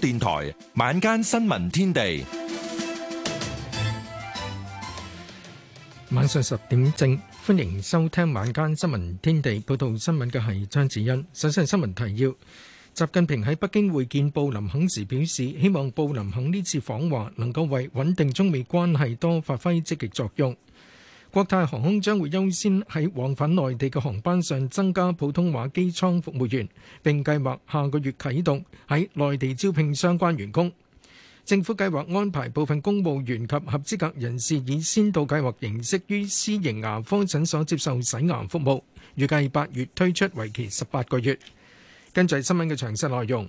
電台晚間新聞天地，晚上十點正，歡迎收聽晚間新聞天地。報道新聞嘅係張子欣。首先係新聞提要：習近平喺北京會見布林肯時表示，希望布林肯呢次訪華能夠為穩定中美關係多發揮積極作用。國泰航空將會優先喺往返內地嘅航班上增加普通話機艙服務員，並計劃下個月啟動喺內地招聘相關員工。政府計劃安排部分公務員及合資格人士以先導計劃形式於私營牙科診所接受洗牙服務，預計八月推出，為期十八個月。跟住係新聞嘅詳細內容。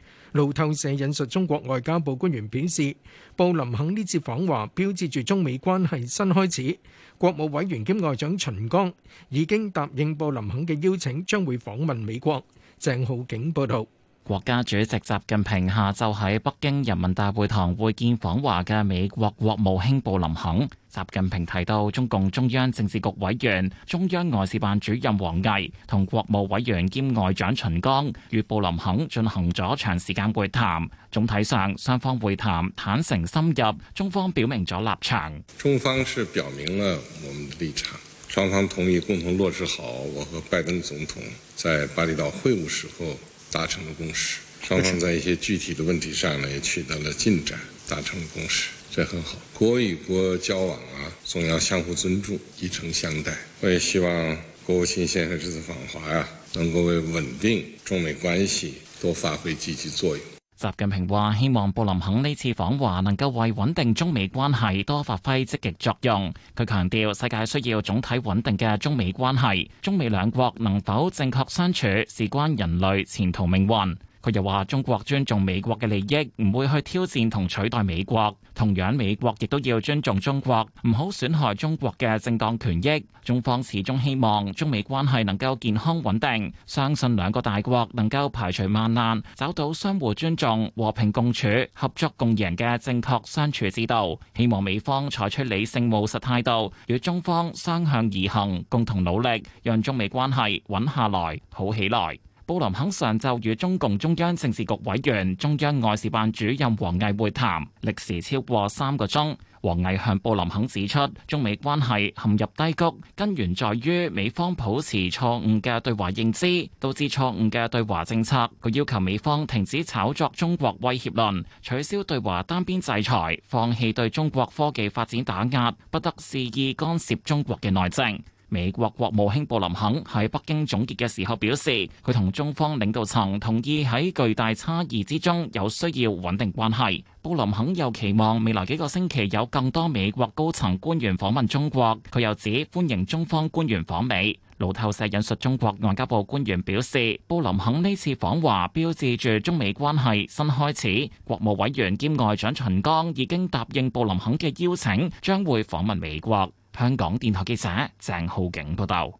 路透社引述中國外交部官員表示，布林肯呢次訪華標誌住中美關係新開始。國務委員兼外長秦剛已經答應布林肯嘅邀請將會訪問美國。鄭浩景報道，國家主席習近平下晝喺北京人民大會堂會見訪華嘅美國國務卿布林肯。習近平提到，中共中央政治局委員、中央外事辦主任王毅同國務委員兼外長秦剛與布林肯進行咗長時間會談。總體上，雙方會談坦誠深入，中方表明咗立場。中方是表明了我們的立場，雙方同意共同落實好我和拜登總統在巴厘島會晤時候達成的共識。雙方在一些具體的問題上呢，也取得了進展，達成了共識。這很好，國與國交往啊，總要相互尊重，以誠相待。我也希望國務卿先生這次訪華啊，能夠為穩定中美關係多發揮積極作用。習近平話：希望布林肯呢次訪華能夠為穩定中美關係多發揮積極作用。佢強調，世界需要總體穩定嘅中美關係，中美兩國能否正確相處，事關人類前途命運。佢又話：中國尊重美國嘅利益，唔會去挑戰同取代美國。同樣，美國亦都要尊重中國，唔好損害中國嘅正當權益。中方始終希望中美關係能夠健康穩定，相信兩個大國能夠排除萬難，找到相互尊重、和平共處、合作共贏嘅正確相處之道。希望美方採取理性務實態度，與中方雙向而行，共同努力，讓中美關係穩下來、好起來。布林肯上晝與中共中央政治局委員、中央外事辦主任王毅會談，歷時超過三個鐘。王毅向布林肯指出，中美關係陷入低谷，根源在於美方抱持錯誤嘅對華認知，導致錯誤嘅對華政策。佢要求美方停止炒作中國威脅論，取消對華單邊制裁，放棄對中國科技發展打壓，不得肆意干涉中國嘅內政。美國國務卿布林肯喺北京總結嘅時候表示，佢同中方領導層同意喺巨大差異之中有需要穩定關係。布林肯又期望未來幾個星期有更多美國高層官員訪問中國，佢又指歡迎中方官員訪美。路透社引述中國外交部官員表示，布林肯呢次訪華標誌住中美關係新開始。國務委員兼外長秦剛已經答應布林肯嘅邀請，將會訪問美國。香港電台記者鄭浩景報道，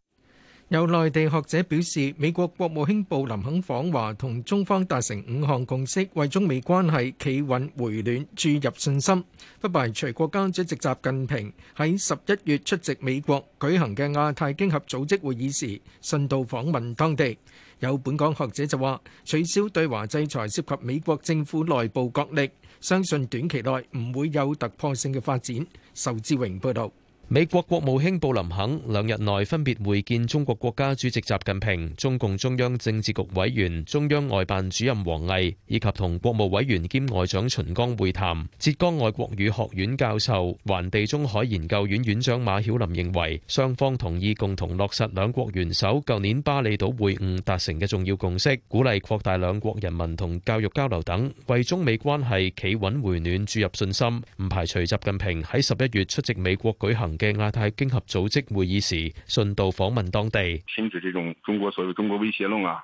有內地學者表示，美國國務卿布林肯訪華，同中方達成五項共識，為中美關係企穩回暖注入信心。不排除國家主席習近平喺十一月出席美國舉行嘅亞太經合組織會議時，順道訪問當地。有本港學者就話，取消對華制裁涉及美國政府內部角力，相信短期內唔會有突破性嘅發展。仇志榮報道。美國國務卿布林肯兩日內分別會見中國國家主席習近平、中共中央政治局委員、中央外辦主任王毅，以及同國務委員兼外長秦剛會談。浙江外國語學院教授、環地中海研究院院院長馬曉林認為，雙方同意共同落實兩國元首舊年巴厘島會晤達成嘅重要共識，鼓勵擴大兩國人民同教育交流等，為中美關係企穩回暖注入信心。唔排除習近平喺十一月出席美國舉行。嘅亞太經合組織會議時，順道訪問當地。停止這種中國所謂中國威脅論啊。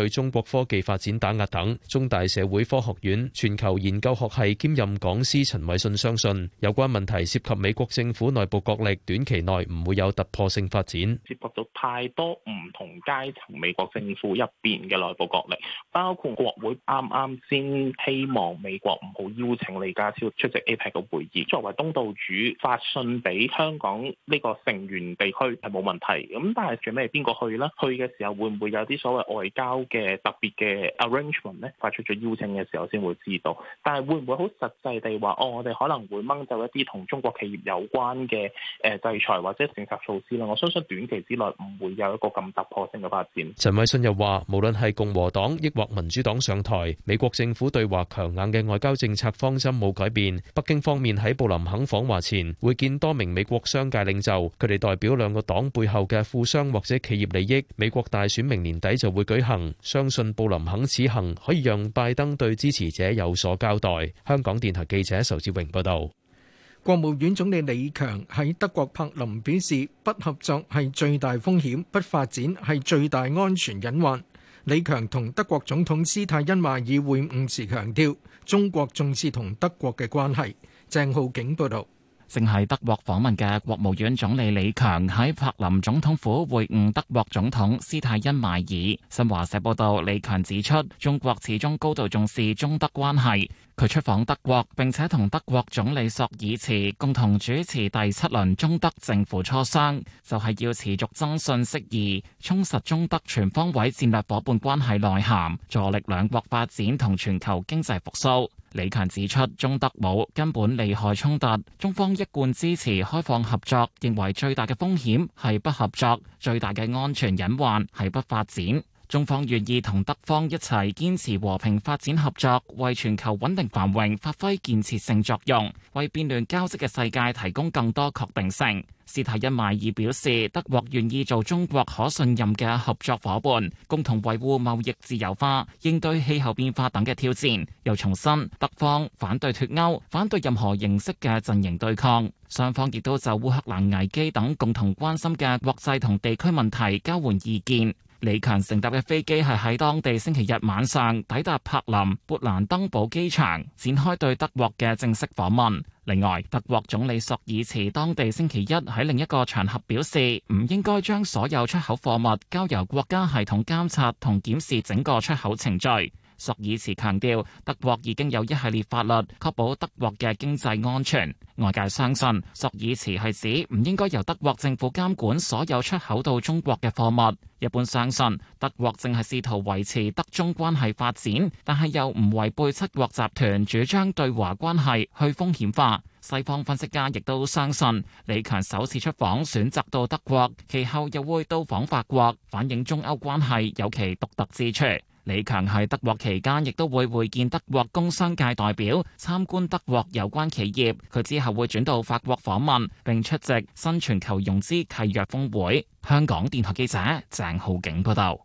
對中國科技發展打壓等，中大社會科學院全球研究學系兼任講師陳偉信相信，有關問題涉及美國政府內部角力，短期內唔會有突破性發展。涉及到太多唔同階層美國政府入邊嘅內部角力，包括國會啱啱先希望美國唔好邀請李家超出席 APEC 嘅會議，作為東道主發信俾香港呢個成員地區係冇問題。咁但係最尾邊個去呢？去嘅時候會唔會有啲所謂外交？嘅特別嘅 arrangement 咧，發出咗邀請嘅時候先會知道，但係會唔會好實際地話？哦，我哋可能會掹走一啲同中國企業有關嘅誒制裁或者政策措施啦。我相信短期之內唔會有一個咁突破性嘅發展。陳偉信又話：無論係共和黨抑或民主黨上台，美國政府對華強硬嘅外交政策方針冇改變。北京方面喺布林肯訪華前會見多名美國商界領袖，佢哋代表兩個黨背後嘅富商或者企業利益。美國大選明年底就會舉行。相信布林肯此行可以讓拜登對支持者有所交代。香港電台記者仇志榮報道，國務院總理李強喺德國柏林表示不合作係最大風險，不發展係最大安全隱患。李強同德國總統施泰因邁爾會晤時強調，中國重視同德國嘅關係。鄭浩景報道。正係德國訪問嘅國務院總理李強喺柏林總統府會晤德國總統施泰因邁爾。新華社報道，李強指出，中國始終高度重視中德關係。佢出訪德國並且同德國總理朔爾茨共同主持第七輪中德政府磋商，就係、是、要持續增信釋疑、充實中德全方位戰略伙伴關係內涵，助力兩國發展同全球經濟復甦。李強指出，中德冇根本利害衝突，中方一貫支持開放合作，認為最大嘅風險係不合作，最大嘅安全隱患係不發展。中方願意同德方一齊堅持和平發展合作，為全球穩定繁榮發揮建設性作用，為變亂交織嘅世界提供更多確定性。斯泰因邁爾表示，德國願意做中國可信任嘅合作伙伴，共同維護貿易自由化，應對氣候變化等嘅挑戰。又重申德方反對脱歐，反對任何形式嘅陣營對抗。雙方亦都就烏克蘭危機等共同關心嘅國際同地區問題交換意見。李強乘搭嘅飛機係喺當地星期日晚上抵達柏林勃蘭登堡機場，展開對德國嘅正式訪問。另外，德國總理索爾茨當地星期一喺另一個場合表示，唔應該將所有出口貨物交由國家系統監察同檢視整個出口程序。索爾茨強調，德國已經有一系列法律確保德國嘅經濟安全。外界相信，索爾茨係指唔應該由德國政府監管所有出口到中國嘅貨物。一般相信，德國正係試圖維持德中關係發展，但係又唔違背七國集團主張對華關係去風險化。西方分析家亦都相信，李強首次出訪選擇到德國，其後又會到訪法國，反映中歐關係有其獨特之處。李強喺德國期間，亦都會會見德國工商界代表，參觀德國有關企業。佢之後會轉到法國訪問，並出席新全球融資契約峰會。香港電台記者鄭浩景報道。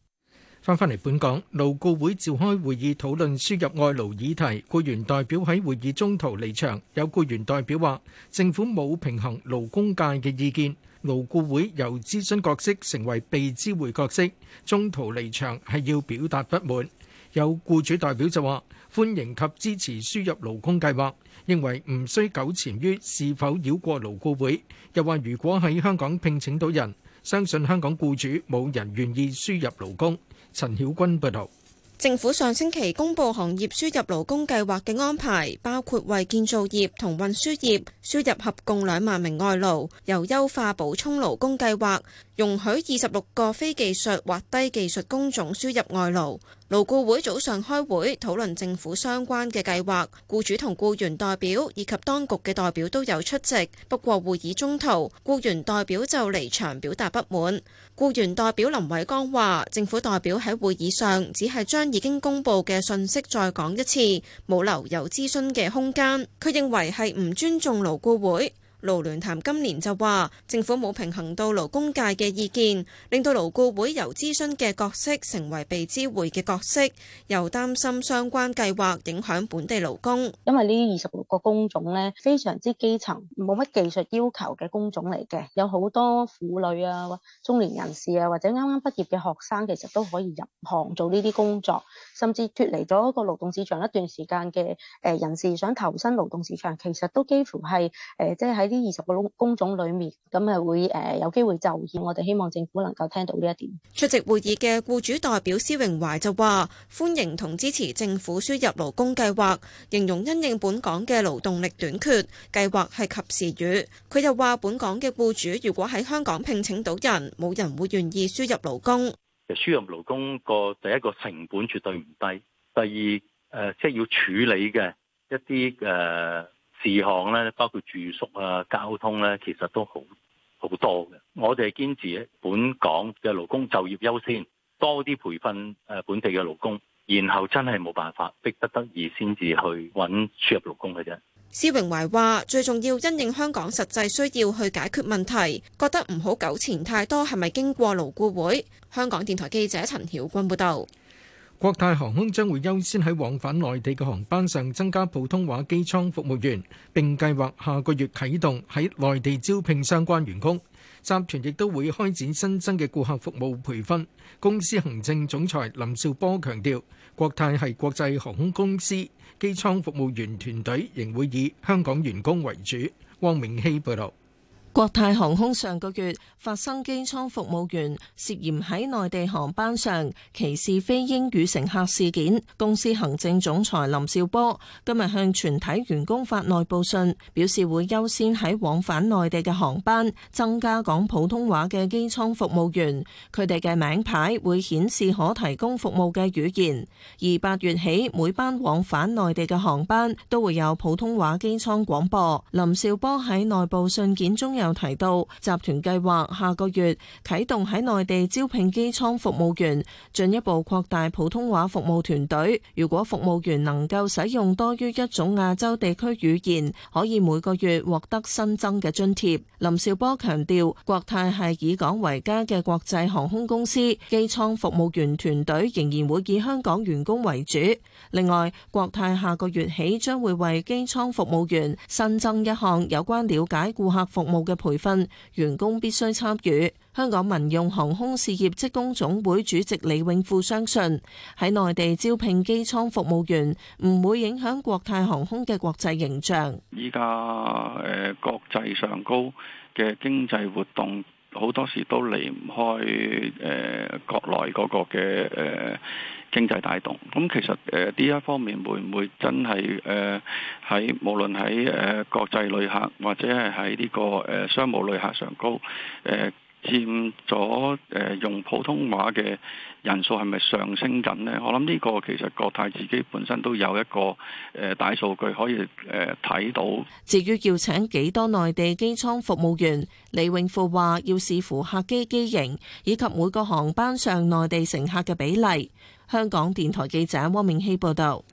翻返嚟本港，勞雇會召開會議討論輸入外勞議題，雇員代表喺會議中途離場。有雇員代表話，政府冇平衡勞工界嘅意見。勞顧會由諮詢角色成為被知會角色，中途離場係要表達不滿。有僱主代表就話歡迎及支持輸入勞工計劃，認為唔需糾纏於是否繞過勞顧會。又話如果喺香港聘請到人，相信香港僱主冇人願意輸入勞工。陳曉君報道。政府上星期公布行業輸入勞工計劃嘅安排，包括為建造業同運輸業輸入合共兩萬名外勞，由優化補充勞工計劃容許二十六個非技術或低技術工種輸入外勞。勞僱會早上開會討論政府相關嘅計劃，僱主同僱員代表以及當局嘅代表都有出席。不過會議中途，僱員代表就離場表達不滿。僱員代表林偉光話，政府代表喺會議上只係將已經公布嘅信息再講一次，冇留有諮詢嘅空間。佢認為係唔尊重勞僱會。勞聯談今年就話政府冇平衡到勞工界嘅意見，令到勞顧會由諮詢嘅角色成為被知會嘅角色，又擔心相關計劃影響本地勞工。因為呢二十六個工種咧非常之基層，冇乜技術要求嘅工種嚟嘅，有好多婦女啊、中年人士啊，或者啱啱畢業嘅學生，其實都可以入行做呢啲工作，甚至脫離咗一個勞動市場一段時間嘅誒人士想投身勞動市場，其實都幾乎係誒即係喺。呃就是二十個工種裏面，咁係會誒有機會就業。我哋希望政府能夠聽到呢一點。出席會議嘅僱主代表施榮懷就話歡迎同支持政府輸入勞工計劃，形容因應本港嘅勞動力短缺，計劃係及時雨。佢又話，本港嘅僱主如果喺香港聘請到人，冇人會願意輸入勞工。就輸入勞工個第一個成本絕對唔低，第二誒，即係要處理嘅一啲誒。事項咧，包括住宿啊、交通咧，其實都好好多嘅。我哋係堅持本港嘅勞工就業優先，多啲培訓誒本地嘅勞工，然後真係冇辦法逼不得已先至去揾輸入勞工嘅啫。施榮懷話：最重要因應香港實際需要去解決問題，覺得唔好糾纏太多，係咪經過勞顧會？香港電台記者陳曉君報導。國泰航空將會優先喺往返內地嘅航班上增加普通話機艙服務員，并計劃下個月啟動喺內地招聘相關員工。集團亦都會開展新增嘅顧客服務培訓。公司行政總裁林紹波強調，國泰係國際航空公司，機艙服務員團隊仍會以香港員工為主。汪明熙報道。國泰航空上個月發生機艙服務員涉嫌喺內地航班上歧視非英語乘客事件，公司行政總裁林紹波今日向全體員工發內部信，表示會優先喺往返內地嘅航班增加講普通話嘅機艙服務員，佢哋嘅名牌會顯示可提供服務嘅語言。而八月起，每班往返內地嘅航班都會有普通話機艙廣播。林紹波喺內部信件中有。又提到集團計劃下個月啟動喺內地招聘機艙服務員，進一步擴大普通話服務團隊。如果服務員能夠使用多於一種亞洲地區語言，可以每個月獲得新增嘅津貼。林紹波強調，國泰係以港為家嘅國際航空公司，機艙服務員團隊仍然會以香港員工為主。另外，國泰下個月起將會為機艙服務員新增一項有關了解顧客服務嘅。培訓員工必須參與。香港民用航空事業職工總會主席李永富相信，喺內地招聘機艙服務員唔會影響國泰航空嘅國際形象。依家誒，國際上高嘅經濟活動好多時都離唔開誒、呃，國內嗰個嘅誒。呃經濟帶動，咁其實誒呢一方面會唔會真係誒喺無論喺誒國際旅客或者係喺呢個誒商務旅客上高誒。呃佔咗誒用普通話嘅人數係咪上升緊呢？我諗呢個其實國泰自己本身都有一個誒大數據可以誒睇到。至於要請幾多內地機艙服務員，李永富話要視乎客機機型以及每個航班上內地乘客嘅比例。香港電台記者汪明希報導。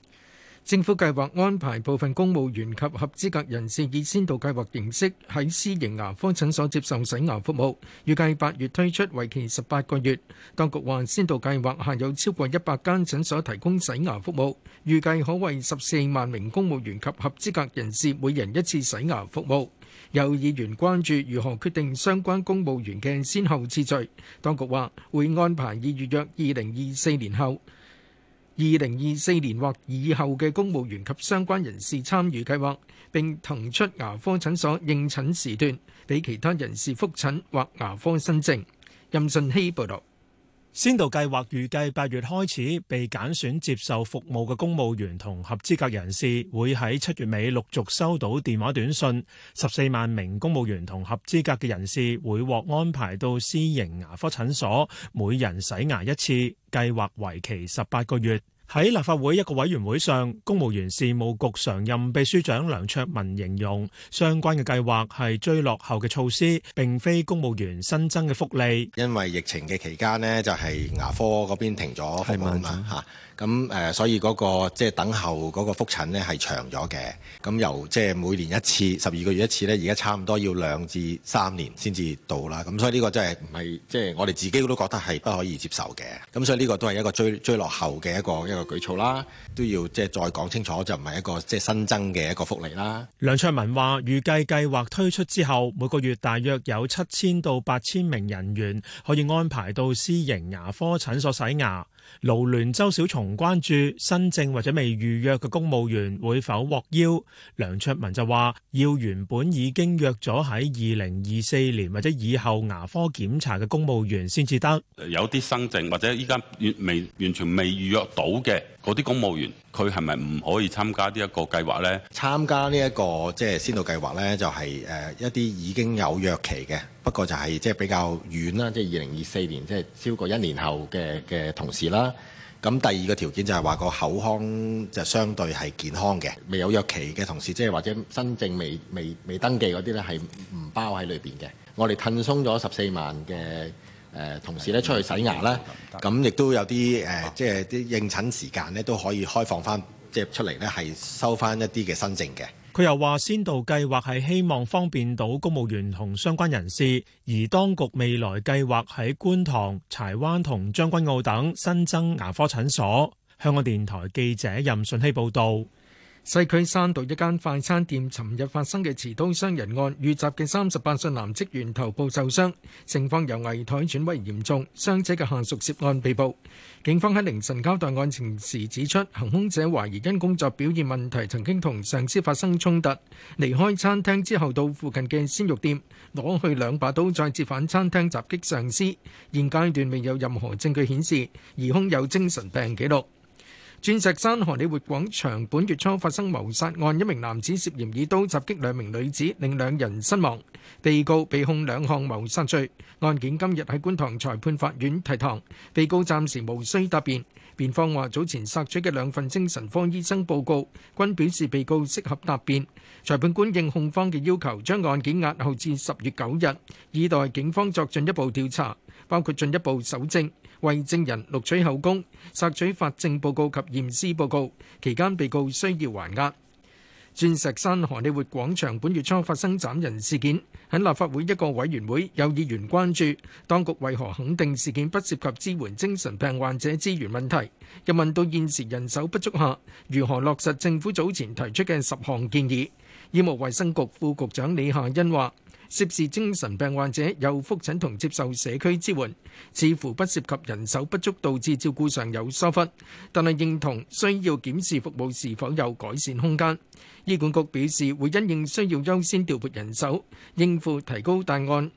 政府計劃安排部分公務員及合資格人士以先導計劃形式喺私營牙科診所接受洗牙服務，預計八月推出，為期十八個月。當局話，先導計劃下有超過一百間診所提供洗牙服務，預計可為十四萬名公務員及合資格人士每人一次洗牙服務。有議員關注如何決定相關公務員嘅先後次序，當局話會安排已預約二零二四年後二零二四年或以後嘅公務員及相關人士參與計劃，並騰出牙科診所應診時段，俾其他人士複診或牙科新症。任信希報道。先導計劃預計八月開始，被揀選接受服務嘅公務員同合資格人士，會喺七月尾陸續收到電話短信。十四萬名公務員同合資格嘅人士會獲安排到私營牙科診所，每人洗牙一次，計劃為期十八個月。喺立法會一個委員會上，公務員事務局常任秘書長梁卓文形容相關嘅計劃係追落後嘅措施，並非公務員新增嘅福利。因為疫情嘅期間呢，就係、是、牙科嗰邊停咗服務啦吓，咁誒吧、啊，所以嗰、那個即係、就是、等候嗰個復診呢係長咗嘅。咁由即係、就是、每年一次，十二個月一次呢，而家差唔多要兩至三年先至到啦。咁所以呢個真係唔係即係我哋自己都覺得係不可以接受嘅。咁所以呢個都係一個追追落後嘅一個。個舉措啦，都要即係再講清楚，就唔係一個即係新增嘅一個福利啦。梁卓文話：預計計劃推出之後，每個月大約有七千到八千名人員可以安排到私營牙科診所洗牙。勞聯周小松關注新政或者未預約嘅公務員會否獲邀，梁卓文就話要原本已經約咗喺二零二四年或者以後牙科檢查嘅公務員先至得，有啲新政或者依家未完全未預約到嘅。嗰啲公務員佢係咪唔可以參加呢一個計劃呢？參加呢、這、一個即係、就是、先導計劃呢，就係、是、誒一啲已經有約期嘅，不過就係即係比較遠啦，即係二零二四年，即、就、係、是、超過一年後嘅嘅同事啦。咁第二個條件就係話個口腔就相對係健康嘅，未有約期嘅同事，即、就、係、是、或者新證未未，未登記嗰啲呢，係唔包喺裏邊嘅。我哋騰鬆咗十四萬嘅。誒，同時咧出去洗牙咧，咁亦都有啲誒，即係啲應診時間咧都可以開放翻，即係出嚟咧係收翻一啲嘅新症嘅。佢又話，先導計劃係希望方便到公務員同相關人士，而當局未來計劃喺觀塘、柴灣同將軍澳等新增牙科診所。香港電台記者任順希報導。西區山道一間快餐店尋日發生嘅持刀傷人案，遇襲嘅三十八歲男職員頭部受傷，情況由危殆轉為嚴重，傷者嘅下屬涉案被捕。警方喺凌晨交代案情時指出，行兇者懷疑因工作表現問題，曾經同上司發生衝突，離開餐廳之後到附近嘅鮮肉店攞去兩把刀，再折返餐廳襲擊上司。現階段未有任何證據顯示疑兇有精神病記錄。鑽石山荷里活廣場本月初發生謀殺案，一名男子涉嫌以刀襲擊兩名女子，令兩人身亡。被告被控兩項謀殺罪，案件今日喺觀塘裁判法院提堂，被告暫時無需答辯。辯方話早前索取嘅兩份精神科醫生報告，均表示被告適合答辯。裁判官應控方嘅要求，將案件押後至十月九日，以待警方作進一步調查，包括進一步搜證、為證人錄取口供、索取法證報告及驗屍報告。期間，被告需要還押。鑽石山荷里活廣場本月初發生斬人事件。喺立法會一個委員會，有議員關注當局為何肯定事件不涉及支援精神病患者資源問題，又問到現時人手不足下，如何落實政府早前提出嘅十項建議。醫務衛生局副局長李夏欣話。涉事精神病患者有覆診同接受社區支援，似乎不涉及人手不足導致照顧上有疏忽，但係認同需要檢視服務是否有改善空間。醫管局表示會因應需要優先調撥人手，應付提高大案，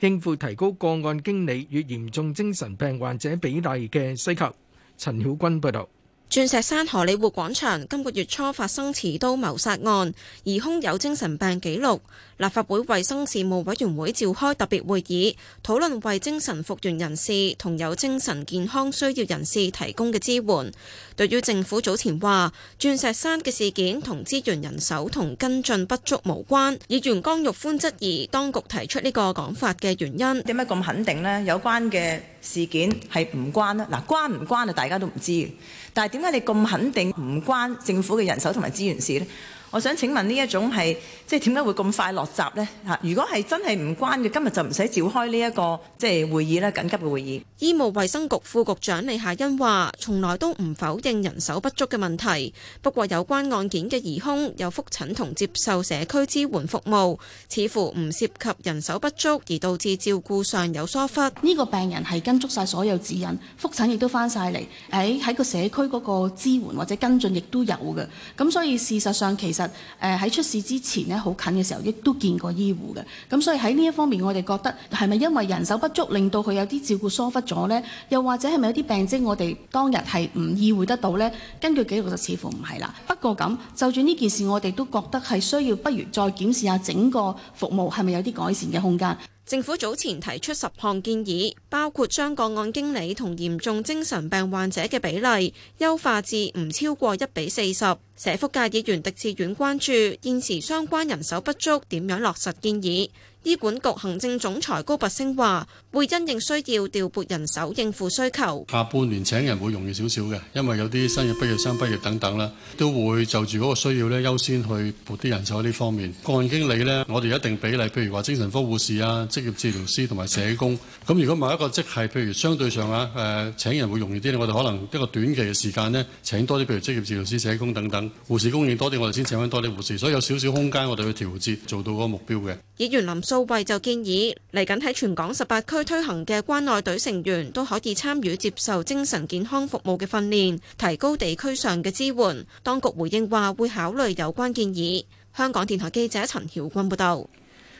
應付提高個案經理與嚴重精神病患者比例嘅需求。陳曉君報導：鑽石山荷里活廣場今個月初發生持刀謀殺案，疑兇有精神病記錄。立法會衞生事務委員會召開特別會議，討論為精神復原人士同有精神健康需要人士提供嘅支援。對於政府早前話鑽石山嘅事件同資源人手同跟進不足無關，議員江玉歡質疑當局提出呢個講法嘅原因，點解咁肯定呢？有關嘅事件係唔關呢？嗱，關唔關啊？大家都唔知，但係點解你咁肯定唔關政府嘅人手同埋資源事呢？我想請問呢一種係即係點解會咁快落閘呢？嚇，如果係真係唔關嘅，今日就唔使召開呢一個即係會議啦，緊急嘅會議。醫務衛生局副局長李夏欣話：從來都唔否認人手不足嘅問題，不過有關案件嘅疑兇有覆診同接受社區支援服務，似乎唔涉及人手不足而導致照顧上有疏忽。呢個病人係跟足晒所有指引，覆診亦都返晒嚟，喺喺個社區嗰個支援或者跟進亦都有嘅，咁所以事實上其實。誒喺出事之前呢，好近嘅時候亦都見過醫護嘅，咁所以喺呢一方面，我哋覺得係咪因為人手不足，令到佢有啲照顧疏忽咗呢？又或者係咪有啲病徵，我哋當日係唔意會得到呢？根據記錄就似乎唔係啦。不過咁，就算呢件事，我哋都覺得係需要，不如再檢視下整個服務係咪有啲改善嘅空間。政府早前提出十項建議，包括將個案經理同嚴重精神病患者嘅比例優化至唔超過一比四十。社福界議員狄志遠關注現時相關人手不足，點樣落實建議？醫管局行政總裁高拔陞話，會因應需要調撥人手應付需求。下半年請人會容易少少嘅，因為有啲新嘅畢業生畢業等等啦，都會就住嗰個需要呢，優先去撥啲人手喺呢方面。個案經理呢，我哋一定比例，譬如話精神科護士啊、職業治療師同埋社工。咁如果某一個職系，譬如相對上啊，誒、呃，請人會容易啲，我哋可能一個短期嘅時間呢，請多啲，譬如職業治療師、社工等等，護士供應多啲，我哋先請返多啲護士。所以有少少空間，我哋去調節做到嗰個目標嘅。議員林。杜慧就建議，嚟緊喺全港十八區推行嘅關愛隊成員都可以參與接受精神健康服務嘅訓練，提高地區上嘅支援。當局回應話，會考慮有關建議。香港電台記者陳曉君報道。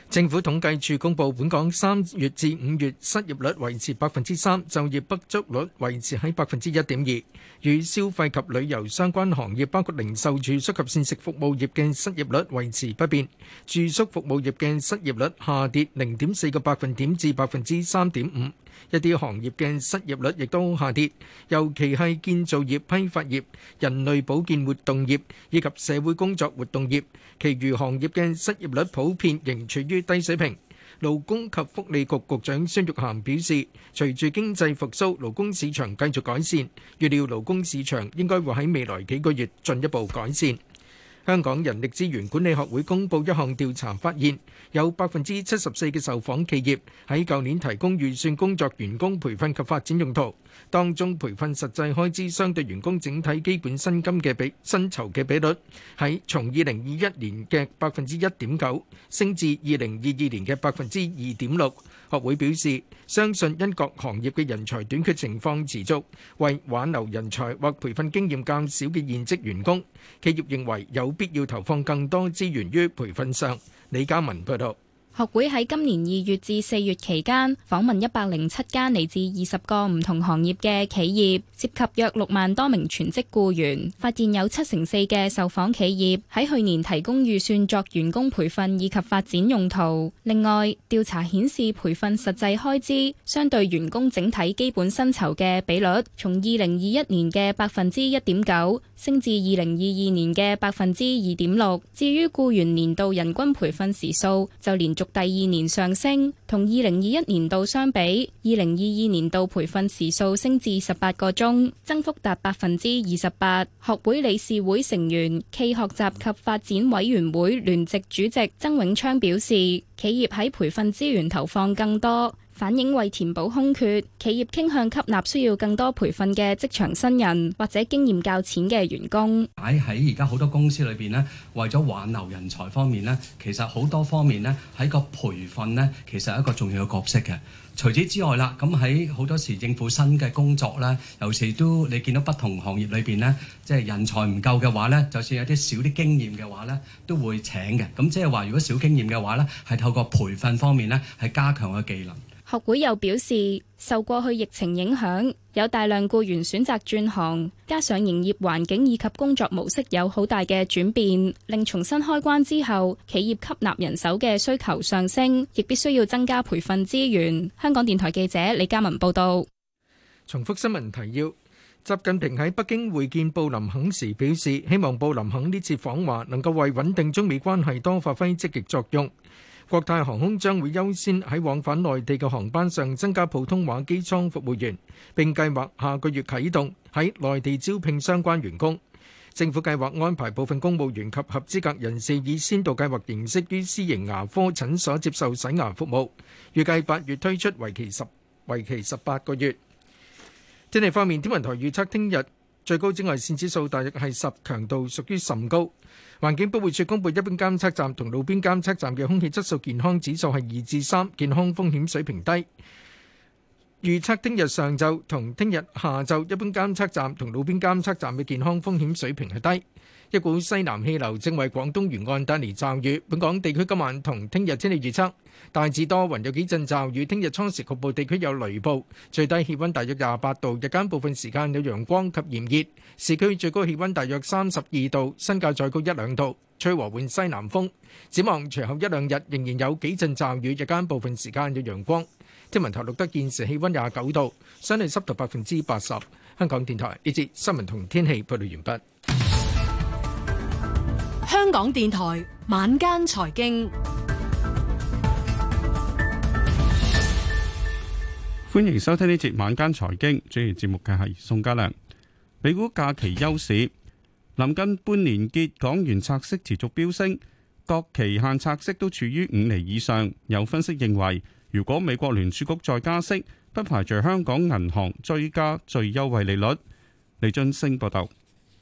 政府統計處公布，本港三月至五月失業率維持百分之三，就業不足率維持喺百分之一點二。與消費及旅遊相關行業，包括零售、住宿及膳食服務業嘅失業率維持不變，住宿服務業嘅失業率下跌零點四個百分點至百分之三點五。一啲行業嘅失業率亦都下跌，尤其係建造業、批發業、人類保健活動業以及社會工作活動業。其餘行業嘅失業率普遍仍處於低水平。勞工及福利局局局長孫玉菡表示，隨住經濟復甦，勞工市場繼續改善，預料勞工市場應該會喺未來幾個月進一步改善。香港人力資源管理學會公佈一項調查，發現有，有百分之七十四嘅受訪企業喺舊年提供預算工作員工培訓及發展用途，當中培訓實際開支相對員工整體基本薪金嘅比薪酬嘅比率，係從二零二一年嘅百分之一點九升至二零二二年嘅百分之二點六。學會表示，相信因各行業嘅人才短缺情況持續，為挽留人才或培訓經驗較少嘅現職員工，企業認為有必要投放更多資源於培訓上。李嘉文報道。學會喺今年二月至四月期間訪問一百零七間嚟自二十個唔同行業嘅企業，涉及約六萬多名全職僱員，發現有七成四嘅受訪企業喺去年提供預算作員工培訓以及發展用途。另外，調查顯示培訓實際開支相對員工整體基本薪酬嘅比率，從二零二一年嘅百分之一點九升至二零二二年嘅百分之二點六。至於僱員年度人均培訓時數，就連續。第二年上升，同二零二一年度相比，二零二二年度培訓時數升至十八個鐘，增幅達百分之二十八。學會理事會成員暨學習及發展委員會聯席主席曾永昌表示，企業喺培訓資源投放更多。反映為填補空缺，企業傾向吸納需要更多培訓嘅職場新人或者經驗較淺嘅員工。喺喺而家好多公司裏邊咧，為咗挽留人才方面咧，其實好多方面咧喺個培訓咧，其實係一個重要嘅角色嘅。除此之外啦，咁喺好多時政府新嘅工作咧，尤其都你見到不同行業裏邊咧，即係人才唔夠嘅話咧，就算有啲少啲經驗嘅話咧，都會請嘅。咁即係話如果少經驗嘅話咧，係透過培訓方面咧，係加強個技能。學會又表示，受過去疫情影響，有大量雇員選擇轉行，加上營業環境以及工作模式有好大嘅轉變，令重新開關之後，企業吸納人手嘅需求上升，亦必須要增加培訓資源。香港電台記者李嘉文報道。重複新聞提要：習近平喺北京會見布林肯時表示，希望布林肯呢次訪華能夠為穩定中美關係多發揮積極作用。國泰航空將會優先喺往返內地嘅航班上增加普通話機艙服務員，並計劃下個月啟動喺內地招聘相關員工。政府計劃安排部分公務員及合資格人士以先導計劃形式於私營牙科診所接受洗牙服務，預計八月推出為，為期十為期十八個月。天氣方面，天文台預測聽日。最高紫外線指數大約係十，強度，屬於甚高。環境保護署公佈，一般監測站同路邊監測站嘅空氣質素健康指數係二至三，健康風險水平低。預測聽日上晝同聽日下晝，一般監測站同路邊監測站嘅健康風險水平係低。一股西南氣流正為廣東沿岸帶嚟驟雨。本港地區今晚同聽日天氣預測，大致多雲有幾陣驟雨。聽日初時局部地區有雷暴，最低氣温大約廿八度，日間部分時間有陽光及炎熱。市區最高氣温大約三十二度，新界再高一兩度，吹和緩西南風。展望隨後一兩日仍然有幾陣驟雨，日間部分時間有陽光。天文台錄得現時氣溫廿九度，相對濕度百分之八十。香港電台呢節新聞同天氣報道完畢。香港電台晚間財經，歡迎收聽呢節晚間財經。主持節目嘅係宋家良。美股假期休市，臨近半年結，港元拆息持續飆升，各期限拆息都處於五厘以上。有分析認為。如果美國聯儲局再加息，不排除香港銀行追加最優惠利率。李晉升報道。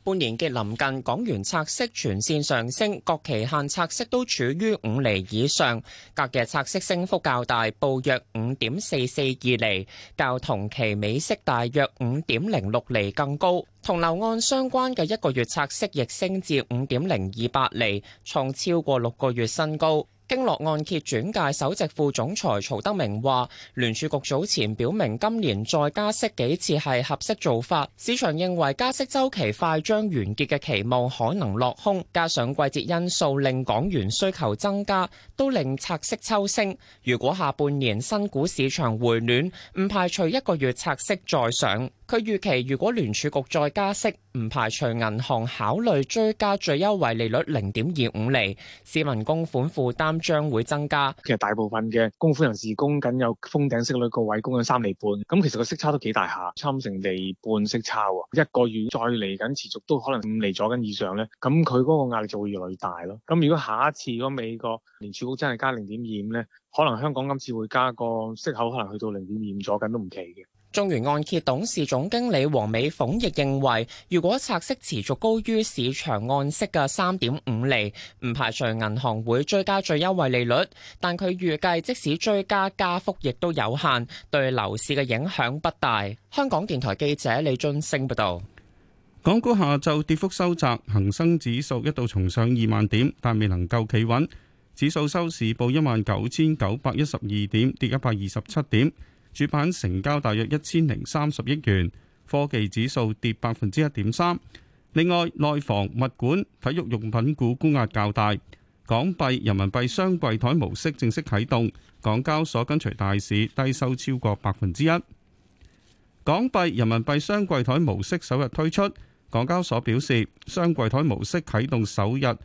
半年結臨近，港元拆息全線上升，各期限拆息都處於五厘以上。隔夜拆息升幅較大，報約五點四四二厘，較同期美息大約五點零六厘更高。同樓按相關嘅一個月拆息亦升至五點零二八厘，創超過六個月新高。經絡按揭轉介首席副總裁曹德明話，聯儲局早前表明今年再加息幾次係合適做法，市場認為加息周期快將完結嘅期望可能落空，加上季節因素令港元需求增加，都令拆息抽升。如果下半年新股市場回暖，唔排除一個月拆息再上。佢預期如果聯儲局再加息。唔排除銀行考慮追加最優惠利率零點二五釐，市民供款負擔將會增加。其實大部分嘅供款人士供緊有封頂息率個位，供緊三厘半，咁其實個息差都幾大下，差成釐半息差啊！一個月再嚟緊持續都可能五厘左緊以上咧，咁佢嗰個壓力就會越嚟越大咯。咁如果下一次如果美國連儲局真係加零點二五咧，可能香港今次會加個息口，可能去到零點二五左緊都唔奇嘅。中原按揭董事總經理王美鳳亦認為，如果拆息持續高於市場按息嘅三點五厘，唔排除銀行會追加最優惠利率。但佢預計即使追加加幅亦都有限，對樓市嘅影響不大。香港電台記者李俊升報道。港股下晝跌幅收窄，恒生指數一度重上二萬點，但未能夠企穩。指數收市報一萬九千九百一十二點，跌一百二十七點。主板成交大約一千零三十億元，科技指數跌百分之一點三。另外，內房、物管、體育用品股沽壓較大。港幣、人民幣雙櫃台模式正式啟動，港交所跟隨大市低收超過百分之一。港幣、人民幣雙櫃台模式首日推出，港交所表示雙櫃台模式啟動首日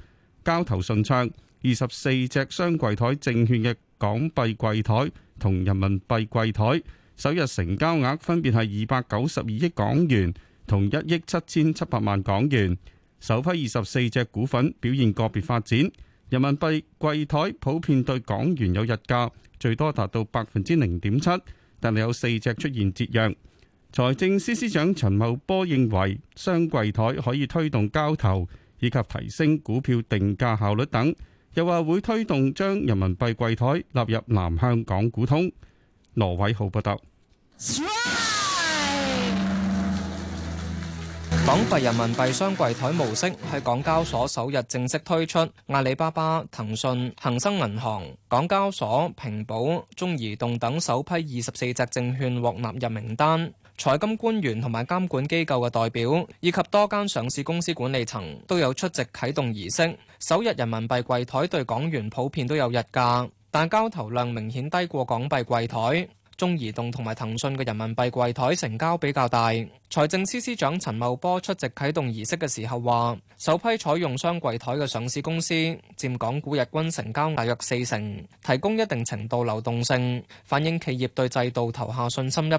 交投順暢，二十四隻雙櫃台證券嘅港幣櫃台，同人民幣櫃台首日成交額分別係二百九十二億港元同一億七千七百萬港元，首批二十四隻股份表現個別發展。人民幣櫃台普遍對港元有溢價，最多達到百分之零點七，但係有四隻出現折讓。財政司司長陳茂波認為，雙櫃台可以推動交投以及提升股票定價效率等。又話會推動將人民幣櫃台納入南向港股通。羅偉浩報道。港幣人民幣雙櫃台模式喺港交所首日正式推出，阿里巴巴、騰訊、恒生銀行、港交所、平保、中移動等首批二十四隻證券獲納入名單。財金官員同埋監管機構嘅代表，以及多間上市公司管理層都有出席啟動儀式。首日人民幣櫃台對港元普遍都有日價，但交投量明顯低過港幣櫃台。中移動同埋騰訊嘅人民幣櫃台成交比較大。財政司司長陳茂波出席啟動儀式嘅時候話：首批採用雙櫃台嘅上市公司佔港股日均成交大約四成，提供一定程度流動性，反映企業對制度投下信心一票。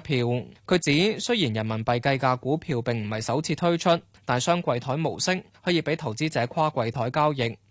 佢指雖然人民幣計價股票並唔係首次推出，但雙櫃台模式可以俾投資者跨櫃台交易。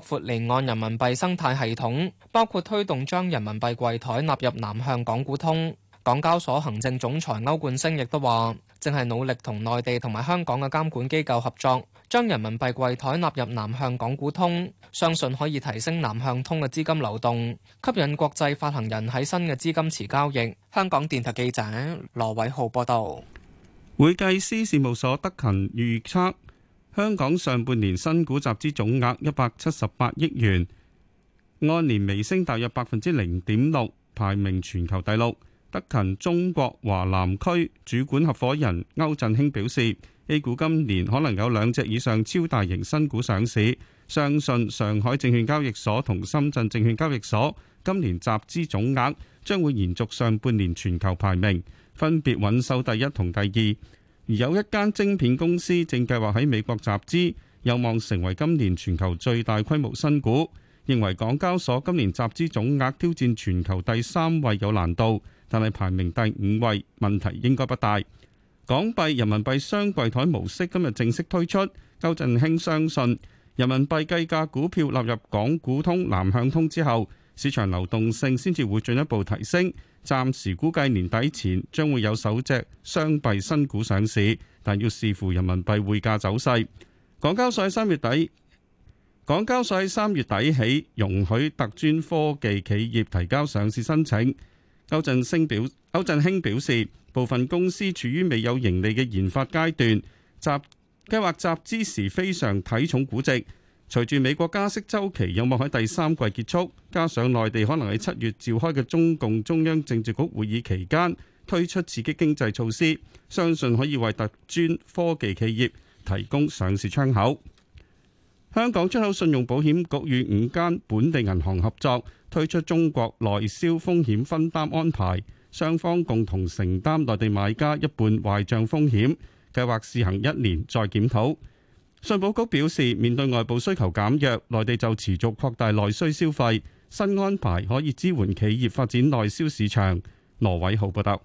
擴闊離岸人民幣生態系統，包括推動將人民幣櫃台納入南向港股通。港交所行政總裁歐冠升亦都話，正係努力同內地同埋香港嘅監管機構合作，將人民幣櫃台納入南向港股通，相信可以提升南向通嘅資金流動，吸引國際發行人喺新嘅資金池交易。香港電台記者羅偉浩報道。會計師事務所德勤預測。香港上半年新股集資總額一百七十八億元，按年微升大約百分之零點六，排名全球第六。德勤中國華南區主管合夥人歐振興表示：A 股今年可能有兩隻以上超大型新股上市，相信上海證券交易所同深圳證券交易所今年集資總額將會延續上半年全球排名，分別穩收第一同第二。而有一間晶片公司正計劃喺美國集資，有望成為今年全球最大規模新股。認為港交所今年集資總額挑戰全球第三位有難度，但係排名第五位問題應該不大。港幣、人民幣雙櫃檯模式今日正式推出。歐振興相信，人民幣計價股票納入港股通、南向通之後，市場流動性先至會進一步提升，暫時估計年底前將會有首隻雙幣新股上市，但要視乎人民幣匯價走勢。港交所三月底，港交所喺三月底起容許特專科技企業提交上市申請。歐振聲表歐振興表示，部分公司處於未有盈利嘅研發階段，集計劃集資時非常睇重估值。隨住美國加息周期有望喺第三季結束，加上內地可能喺七月召開嘅中共中央政治局會議期間推出刺激經濟措施，相信可以為特專科技企業提供上市窗口。香港出口信用保險局與五間本地銀行合作推出中國內銷風險分擔安排，雙方共同承擔內地買家一半壞賬風險，計劃試行一年再檢討。信保局表示，面對外部需求減弱，內地就持續擴大內需消費，新安排可以支援企業發展內銷市場。羅偉浩報道，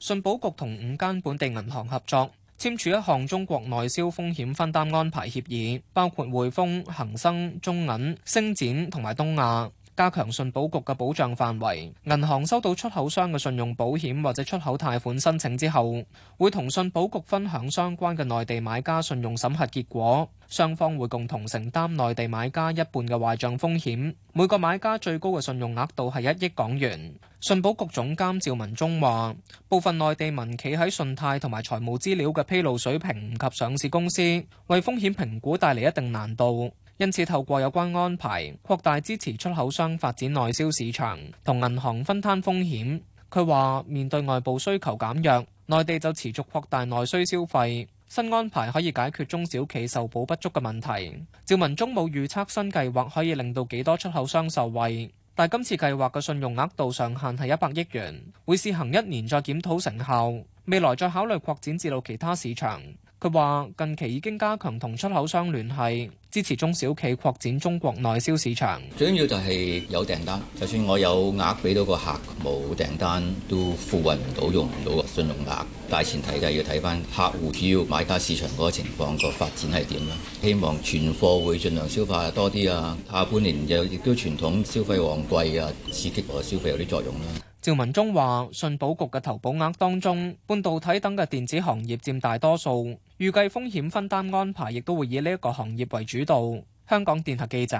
信保局同五間本地銀行合作簽署一項中國內銷風險分擔安排協議，包括匯豐、恒生、中銀、星展同埋東亞。加強信保局嘅保障範圍，銀行收到出口商嘅信用保險或者出口貸款申請之後，會同信保局分享相關嘅內地買家信用審核結果，雙方會共同承擔內地買家一半嘅壞帳風險。每個買家最高嘅信用額度係一億港元。信保局總監趙文忠話：部分內地民企喺信貸同埋財務資料嘅披露水平唔及上市公司，為風險評估帶嚟一定難度。因此透過有關安排擴大支持出口商發展內銷市場同銀行分攤風險，佢話面對外部需求減弱，內地就持續擴大內需消費，新安排可以解決中小企受保不足嘅問題，趙文忠冇預測新計劃可以令到幾多出口商受惠，但今次計劃嘅信用額度上限係一百億元，會試行一年再檢討成效，未來再考慮擴展至到其他市場。佢話：近期已經加強同出口商聯繫，支持中小企擴展中國內銷市場。最重要就係有訂單，就算我有額俾到個客冇訂單，都付運唔到，用唔到個信用額。大前提就係要睇返客戶主要買家市場嗰個情況個發展係點啦。希望存貨會盡量消化多啲啊，下半年又亦都傳統消費旺季啊，刺激我嘅消費有啲作用啦、啊。趙文忠話，信保局嘅投保額當中，半導體等嘅電子行業占大多數，預計風險分擔安排亦都會以呢一個行業為主導。香港電台記者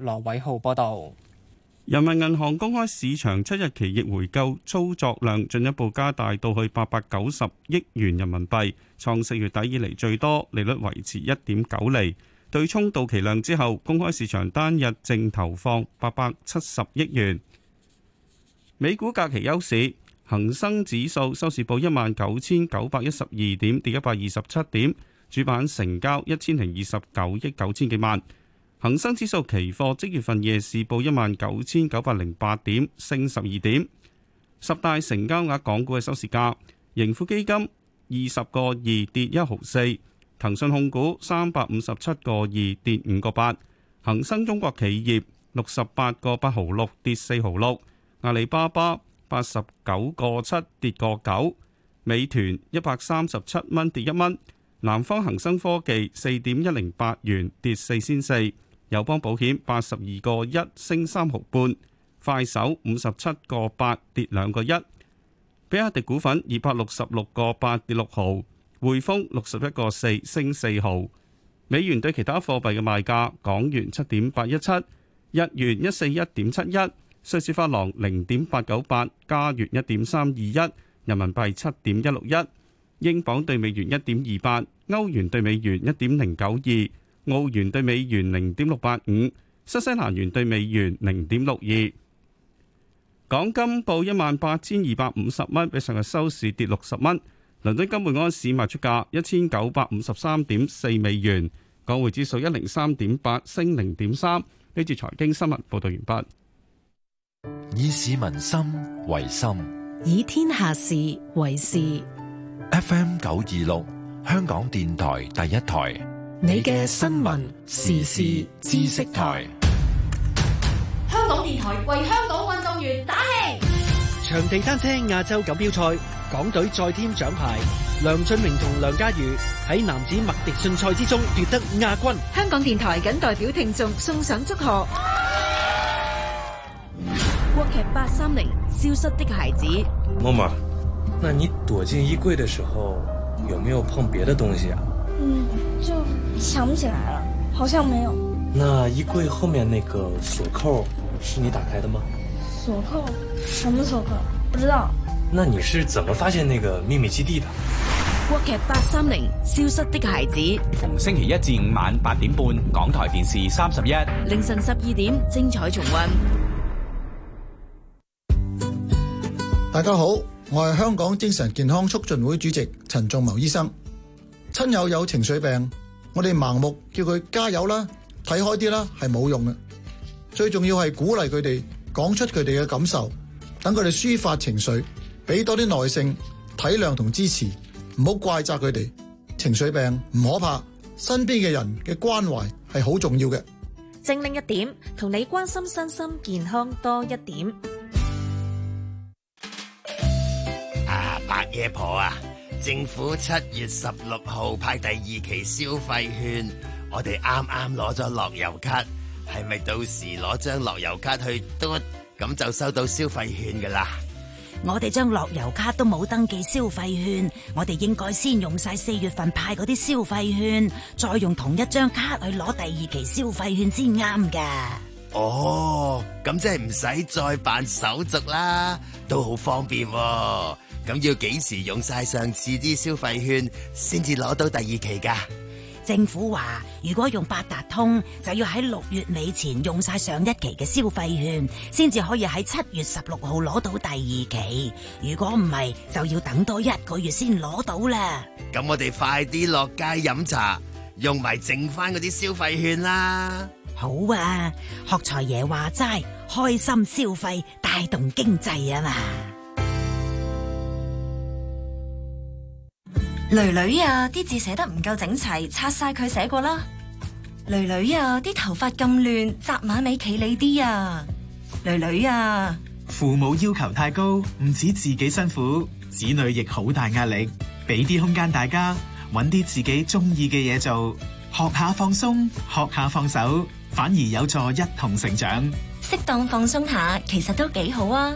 羅偉浩報道。人民銀行公開市場七日期逆回購操作量進一步加大到去八百九十億元人民幣，創四月底以嚟最多，利率維持一點九厘，對沖到期量之後，公開市場單日淨投放八百七十億元。美股假期休市，恒生指數收市報一萬九千九百一十二點，跌一百二十七點。主板成交一千零二十九億九千幾萬。恒生指數期貨即月份夜市報一萬九千九百零八點，升十二點。十大成交額港股嘅收市價：盈富基金二十個二跌一毫四，騰訊控股三百五十七個二跌五個八，恒生中國企業六十八個八毫六跌四毫六。阿里巴巴八十九個七跌個九，美團一百三十七蚊跌一蚊，南方恒生科技四點一零八元跌四仙四，友邦保險八十二個一升三毫半，快手五十七個八跌兩個一，比亞迪股份二百六十六個八跌六毫，匯豐六十一個四升四毫，美元對其他貨幣嘅賣價，港元七點八一七，日元一四一點七一。瑞士法郎零點八九八，加元一點三二一，人民幣七點一六一，英鎊兌美元一點二八，歐元兌美元一點零九二，澳元兌美元零點六八五，新西蘭元兌美元零點六二。港金報一萬八千二百五十蚊，比上日收市跌六十蚊。倫敦金每盎司賣出價一千九百五十三點四美元。港匯指數一零三點八升零點三。呢次財經新聞報道完畢。以市民心為心，以天下事為事。FM 九二六，香港電台第一台，你嘅新聞時事知識台。香港電台為香港運動員打氣。場地單車亞洲錦標賽，港隊再添獎牌。梁俊明同梁家瑜喺男子麥迪遜賽之中奪得亞軍。香港電台謹代表聽眾送上祝賀。國劇八三零消失的孩子。默默，那你躲進衣櫃的時候，有沒有碰別的東西啊？嗯，就想不起來了，好像沒有。那衣櫃後面那個鎖扣，是你打開的嗎？鎖扣？什麼鎖扣？不知道。那你是怎麼發現那個秘密基地的？國劇八三零消失的孩子，逢星期一至五晚八點半，港台電視三十一，凌晨十二點精彩重温。大家好，我係香港精神健康促進會主席陳仲謀醫生。親友有情緒病，我哋盲目叫佢加油啦、睇開啲啦，係冇用嘅。最重要係鼓勵佢哋講出佢哋嘅感受，等佢哋抒發情緒，俾多啲耐性、體諒同支持，唔好怪責佢哋。情緒病唔可怕，身邊嘅人嘅關懷係好重要嘅。正另一點，同你關心身心健康多一點。阿婆啊，政府七月十六號派第二期消費券，我哋啱啱攞咗樂悠卡，係咪到時攞張樂悠卡去嘟，咁、嗯、就收到消費券㗎喇？我哋張樂悠卡都冇登記消費券，我哋應該先用晒四月份派嗰啲消費券，再用同一張卡去攞第二期消費券先啱㗎。哦，咁即係唔使再辦手續啦，都好方便啊。咁要幾時用晒上次啲消費券先至攞到第二期噶？政府話如果用八達通，就要喺六月尾前用晒上一期嘅消費券，先至可以喺七月十六號攞到第二期。如果唔係，就要等多一個月先攞到啦。咁我哋快啲落街飲茶，用埋剩翻嗰啲消費券啦。好啊，學財爺話齋，開心消費帶動經濟啊嘛！囡囡啊，啲字寫得唔夠整齊，拆晒佢寫過啦。囡囡啊，啲頭髮咁亂，紮馬尾企理啲啊。囡囡啊，父母要求太高，唔止自己辛苦，子女亦好大壓力。俾啲空間大家，揾啲自己中意嘅嘢做，學下放鬆，學下放手，反而有助一同成長。適當放鬆下，其實都幾好啊。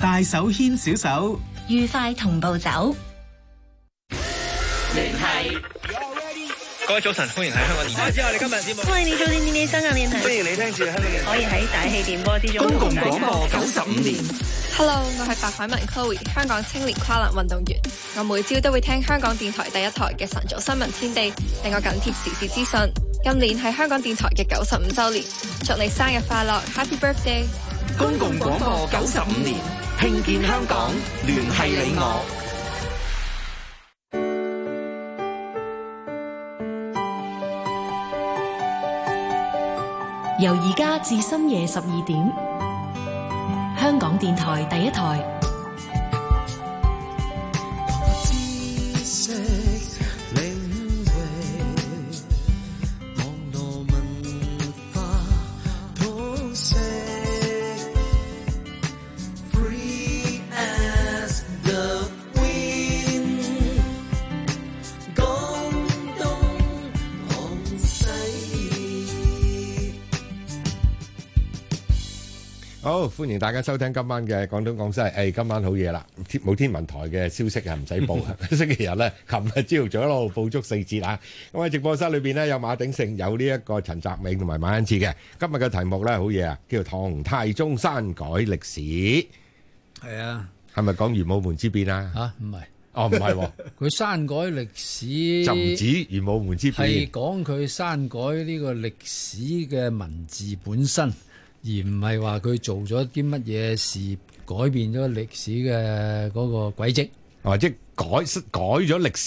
大手牽小手，愉快同步走。係各位早晨，歡迎喺香港電台。阿子啊，你今日歡迎你做天邊先生啊，電台歡迎你聽住香港電台。可以喺大氣電波之中。公共廣播九十五年。Hello，我係白海文 Cory，香港青年跨欄運動員。我每朝都會聽香港電台第一台嘅晨早新聞天地，令我緊貼時事資訊。今年係香港電台嘅九十五周年，祝你生日快樂，Happy Birthday！公共廣播九十五年，慶建香港，聯繫你我。由而家至深夜十二點，香港電台第一台。歡迎大家收聽今晚嘅廣東廣西。誒、哎，今晚好嘢啦！冇天文台嘅消息係唔使報。 星期日呢，琴日朝早一路報足四節啦。咁喺 直播室裏邊呢，有馬鼎盛，有呢一個陳澤銘同埋馬恩志嘅。今日嘅題目呢，好嘢啊，叫唐太宗刪改歷史。係啊，係咪講玄武門之變啊？吓、啊？唔係。哦，唔係喎。佢刪 改歷史就唔止玄武門之變，係講佢刪改呢個歷史嘅文字本身。而唔係話佢做咗啲乜嘢事，改變咗歷史嘅個軌跡，或者、啊、改改咗歷史。